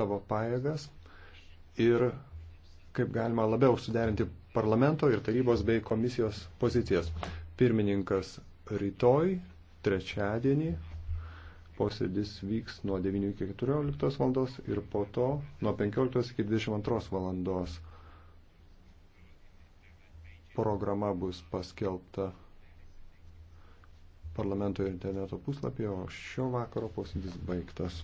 savo pajėgas ir kaip galima labiau suderinti parlamento ir tarybos bei komisijos pozicijas. Pirmininkas rytoj, trečiadienį, posėdis vyks nuo 9 iki 14 valandos ir po to nuo 15 iki 22 valandos. Programa bus paskelbta parlamento interneto puslapyje, o šio vakaro posėdis baigtas.